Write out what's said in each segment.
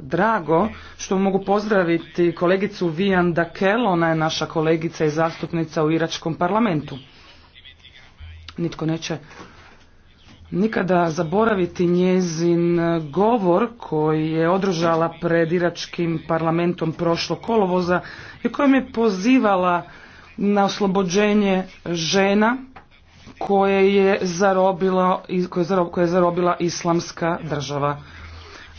drago što mogu pozdraviti kolegicu Vijan Dakel, ona je naša kolegica i zastupnica u Iračkom parlamentu. Nitko neće nikada zaboraviti njezin govor koji je održala pred Iračkim parlamentom prošlo kolovoza i kojom je pozivala na oslobođenje žena koje je zarobila, koje je zarobila islamska država.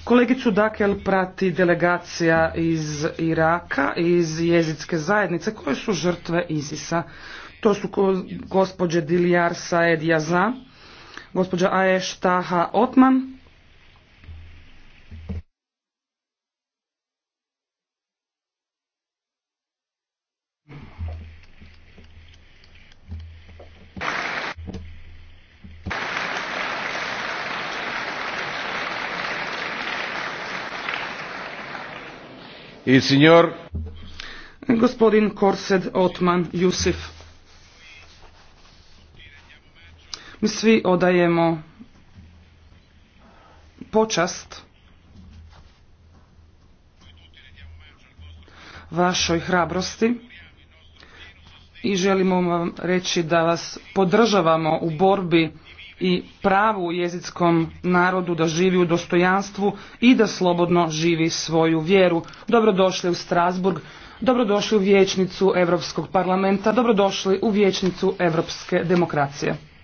Kolegicu Dakel prati delegacija iz Iraka, iz jezitske zajednice koje su žrtve ISIS-a. To su gospođe Dilijar Saed za gospođa Aeš Taha Otman, Il signor... Gospodin Korsed Otman Jusif. Mi svi odajemo počast vašoj hrabrosti i želimo vam reći da vas podržavamo u borbi i pravu jezickom narodu da živi u dostojanstvu i da slobodno živi svoju vjeru. Dobrodošli u Strasburg, dobrodošli u vječnicu Europskog parlamenta, dobrodošli u vječnicu Europske demokracije.